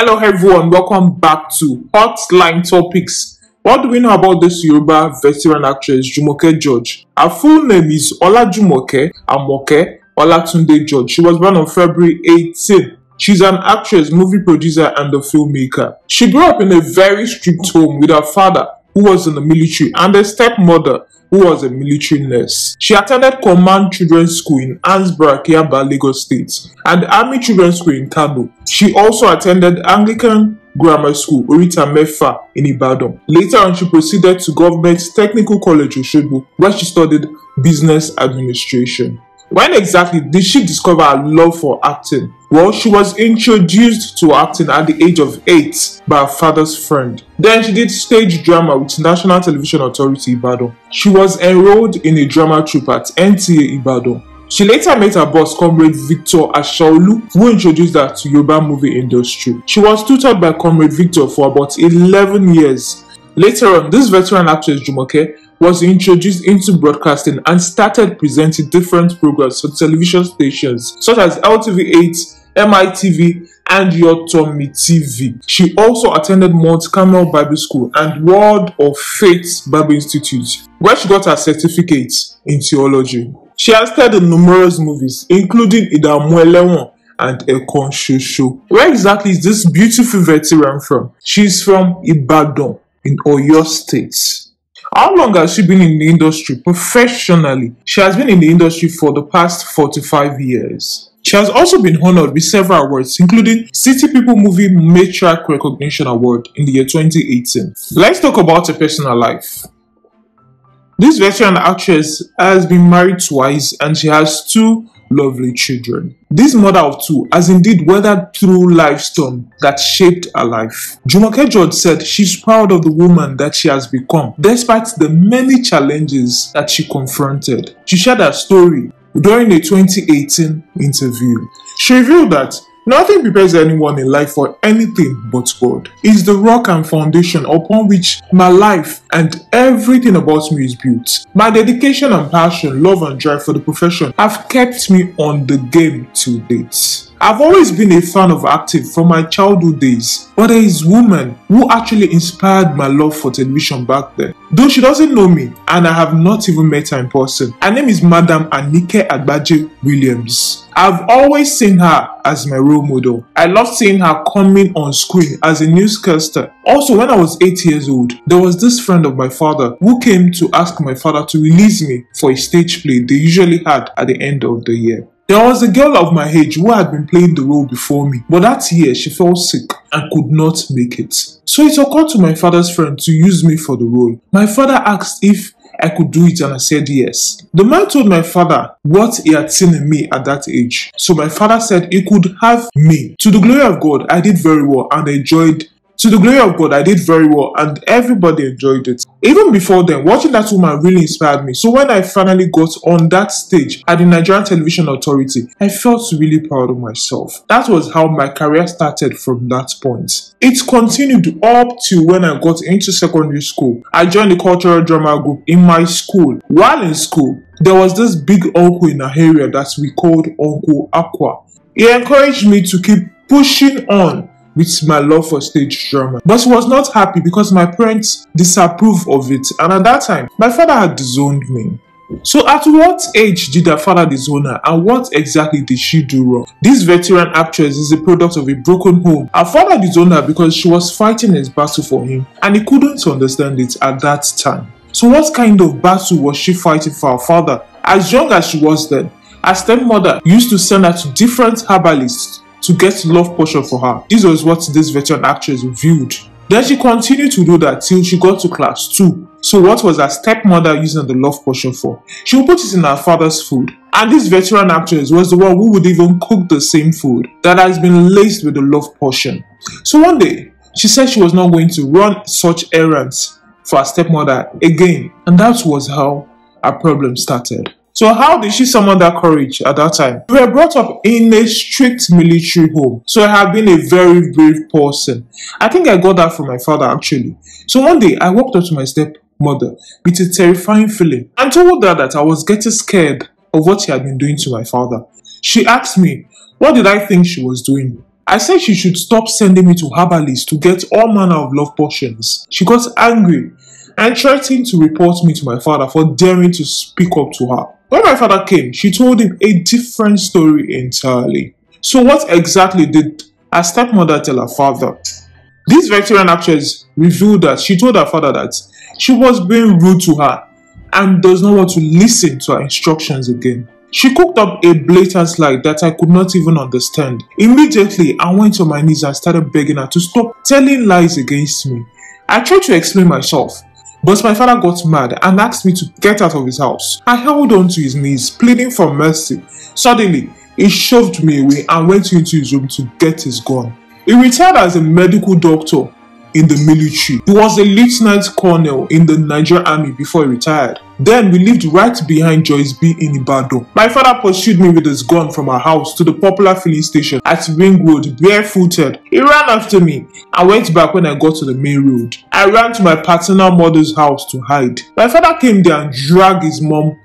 Hello everyone, welcome back to Hotline Topics. What do we know about this Yoruba veteran actress Jumoke George? Her full name is Jumoke Amoke Olatunde George. She was born on February 18. She's an actress, movie producer and a filmmaker. She grew up in a very strict home with her father, who was in the military, and a stepmother, who was a military nurse. She attended Command Children's School in Ansbra, Kiaba, Lagos State, and Army Children's School in Kano. She also attended Anglican Grammar School, Orita Mefa, in Ibadan. Later on, she proceeded to Government Technical College, Oshogbo, where she studied Business Administration. When exactly did she discover her love for acting? Well, she was introduced to acting at the age of 8 by her father's friend. Then she did stage drama with National Television Authority Ibadan. She was enrolled in a drama troupe at NTA Ibadan. She later met her boss, Comrade Victor Ashaolu, who introduced her to Yoruba movie industry. She was tutored by Comrade Victor for about 11 years. Later on, this veteran actress Jumoke was introduced into broadcasting and started presenting different programs for television stations such as LTV8, MITV, and Your Tommy TV. She also attended Mount Carmel Bible School and World of Faith Bible Institute, where she got her certificate in theology. She has starred in numerous movies, including Idamuelewon and Ekon Shosho. Where exactly is this beautiful veteran from? She's from Ibadan in Oyo State. How long has she been in the industry professionally? She has been in the industry for the past 45 years. She has also been honored with several awards, including City People Movie Matriarch Recognition Award in the year 2018. Let's talk about her personal life. This veteran actress has been married twice and she has two lovely children. This mother of two has indeed weathered through life storm that shaped her life. Jumoke George said she's proud of the woman that she has become despite the many challenges that she confronted. She shared her story during a 2018 interview, she revealed that Nothing prepares anyone in life for anything but God. It's the rock and foundation upon which my life and everything about me is built. My dedication and passion, love and drive for the profession have kept me on the game to date. I've always been a fan of acting from my childhood days, but there is woman who actually inspired my love for television back then. Though she doesn't know me and I have not even met her in person. Her name is Madam Anike Agbaje Williams. I've always seen her as my role model. I loved seeing her coming on screen as a newscaster. Also, when I was 8 years old, there was this friend of my father who came to ask my father to release me for a stage play they usually had at the end of the year. There was a girl of my age who had been playing the role before me, but that year she fell sick and could not make it. So it occurred to my father's friend to use me for the role. My father asked if I could do it and I said yes. The man told my father what he had seen in me at that age. So my father said he could have me. To the glory of God, I did very well and I enjoyed to the glory of God, I did very well and everybody enjoyed it. Even before then, watching that woman really inspired me. So when I finally got on that stage at the Nigerian Television Authority, I felt really proud of myself. That was how my career started from that point. It continued up to when I got into secondary school. I joined the cultural drama group in my school. While in school, there was this big uncle in our area that we called Uncle Aqua. He encouraged me to keep pushing on with my love for stage drama. But was not happy because my parents disapproved of it and at that time, my father had disowned me. So at what age did her father disown her and what exactly did she do wrong? This veteran actress is a product of a broken home. Her father disowned her because she was fighting his battle for him and he couldn't understand it at that time. So what kind of battle was she fighting for her father as young as she was then? Her stepmother used to send her to different herbalists to get love potion for her. This was what this veteran actress viewed. Then she continued to do that till she got to class 2. So what was her stepmother using the love potion for? She would put it in her father's food. And this veteran actress was the one who would even cook the same food that has been laced with the love potion. So one day, she said she was not going to run such errands for her stepmother again. And that was how our problem started. So how did she summon that courage at that time? We were brought up in a strict military home. So I have been a very brave person. I think I got that from my father actually. So one day I walked up to my stepmother with a terrifying feeling and told her that I was getting scared of what she had been doing to my father. She asked me, what did I think she was doing? I said she should stop sending me to herbalists to get all manner of love potions. She got angry and threatened to report me to my father for daring to speak up to her. When my father came, she told him a different story entirely. So, what exactly did her stepmother tell her father? This veteran actress revealed that she told her father that she was being rude to her and does not want to listen to her instructions again. She cooked up a blatant lie that I could not even understand. Immediately, I went on my knees and started begging her to stop telling lies against me. I tried to explain myself, but my father got mad and asked me to get out of his house. I held on to his knees, pleading for mercy. Suddenly, he shoved me away and went into his room to get his gun. He retired as a medical doctor in the military. He was a lieutenant colonel in the Nigerian army before he retired. Then we lived right behind Joyce B in Ibadan. My father pursued me with his gun from our house to the popular filling station at Ringwood, barefooted. He ran after me. I went back when I got to the main road. I ran to my paternal mother's house to hide. My father came there and dragged his mom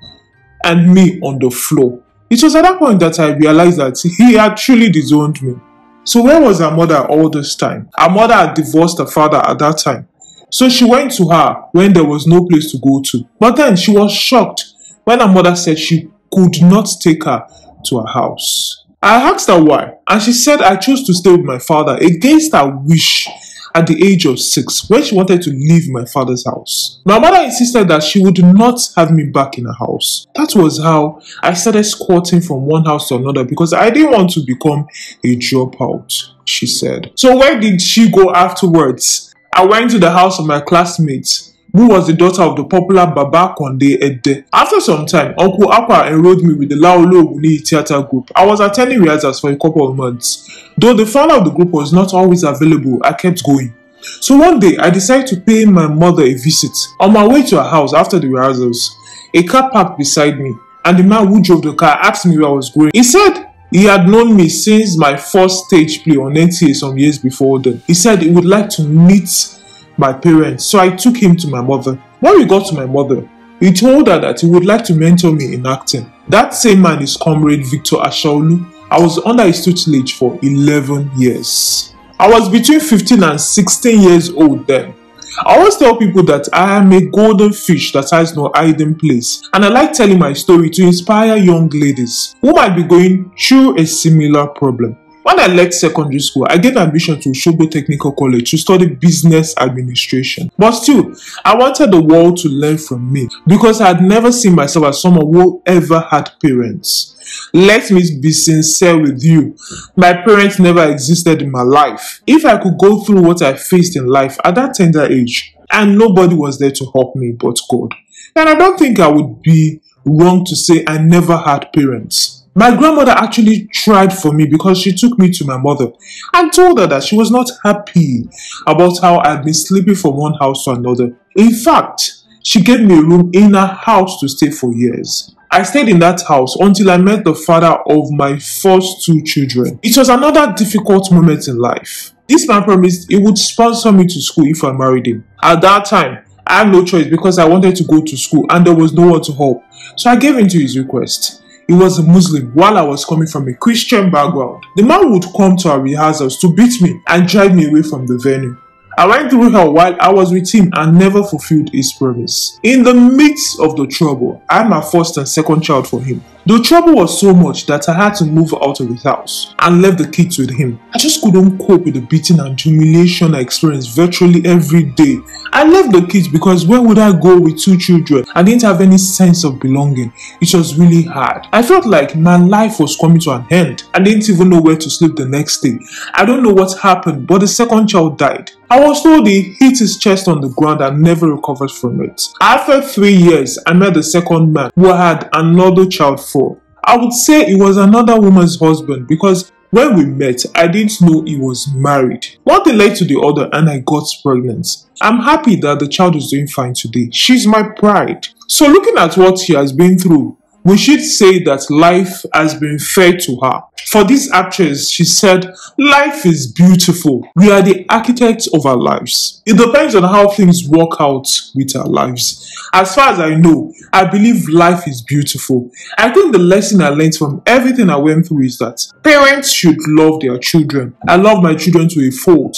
and me on the floor. It was at that point that I realized that he had truly disowned me. So where was our mother all this time? Our mother had divorced her father at that time. So she went to her when there was no place to go to. But then she was shocked when her mother said she could not take her to her house. I asked her why, and she said I chose to stay with my father against her wish at the age of six when she wanted to leave my father's house. My mother insisted that she would not have me back in her house. That was how I started squatting from one house to another because I didn't want to become a dropout, she said. So where did she go afterwards? I went to the house of my classmates who was the daughter of the popular Baba Konde Ede. After some time, Uncle Akwa enrolled me with the Laolo Oguni Theatre Group. I was attending rehearsals for a couple of months. Though the founder of the group was not always available, I kept going. So one day, I decided to pay my mother a visit. On my way to her house after the rehearsals, a car parked beside me, and the man who drove the car asked me where I was going. He said, he had known me since my first stage play on NTA some years before then. He said he would like to meet my parents, so I took him to my mother. When we got to my mother, he told her that he would like to mentor me in acting. That same man is comrade Victor Ashaolu. I was under his tutelage for 11 years. I was between 15 and 16 years old then. I always tell people that I am a golden fish that has no hiding place, and I like telling my story to inspire young ladies who might be going through a similar problem. When I left secondary school, I gained admission to Oshobo Technical College to study business administration. But still, I wanted the world to learn from me because I had never seen myself as someone who ever had parents. Let me be sincere with you. My parents never existed in my life. If I could go through what I faced in life at that tender age, and nobody was there to help me but God, then I don't think I would be wrong to say I never had parents. My grandmother actually tried for me because she took me to my mother and told her that she was not happy about how I'd been sleeping from one house to another. In fact, she gave me a room in her house to stay for years. I stayed in that house until I met the father of my first two children. It was another difficult moment in life. This man promised he would sponsor me to school if I married him. At that time, I had no choice because I wanted to go to school and there was no one to help. So I gave in to his request. He was a Muslim while I was coming from a Christian background. The man would come to our rehearsals to beat me and drive me away from the venue. I went through hell while I was with him and never fulfilled his promise. In the midst of the trouble, I had my first and second child for him. The trouble was so much that I had to move out of his house and left the kids with him. I just couldn't cope with the beating and humiliation I experienced virtually every day. I left the kids because where would I go with two children? I didn't have any sense of belonging. It was really hard. I felt like my life was coming to an end. I didn't even know where to sleep the next day. I don't know what happened, but the second child died. I was told he hit his chest on the ground and never recovered from it. After three years, I met the second man who had another child before. I would say it was another woman's husband because when we met, I didn't know he was married. One thing led to the other and I got pregnant. I'm happy that the child is doing fine today. She's my pride. So looking at what she has been through, we should say that life has been fair to her. For this actress, she said, Life is beautiful. We are the architects of our lives. It depends on how things work out with our lives. As far as I know, I believe life is beautiful. I think the lesson I learned from everything I went through is that parents should love their children. I love my children to a fault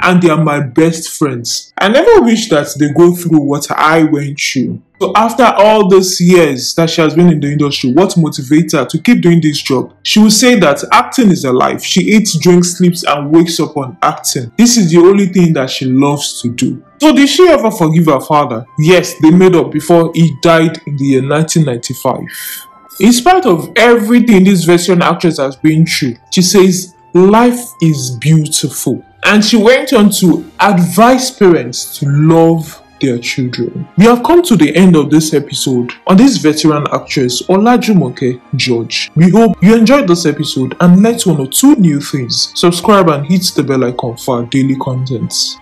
and they are my best friends. I never wish that they go through what I went through. So after all those years that she has been in the industry, what motivates her to keep doing this job? She will say that acting is her life. She eats, drinks, sleeps and wakes up on acting. This is the only thing that she loves to do. So did she ever forgive her father? Yes, they made up before he died in the year 1995. In spite of everything this veteran actress has been through, she says, life is beautiful. And she went on to advise parents to love their children. We have come to the end of this episode on this veteran actress Olajumoke George. We hope you enjoyed this episode and learned one or two new things. Subscribe and hit the bell icon for our daily contents.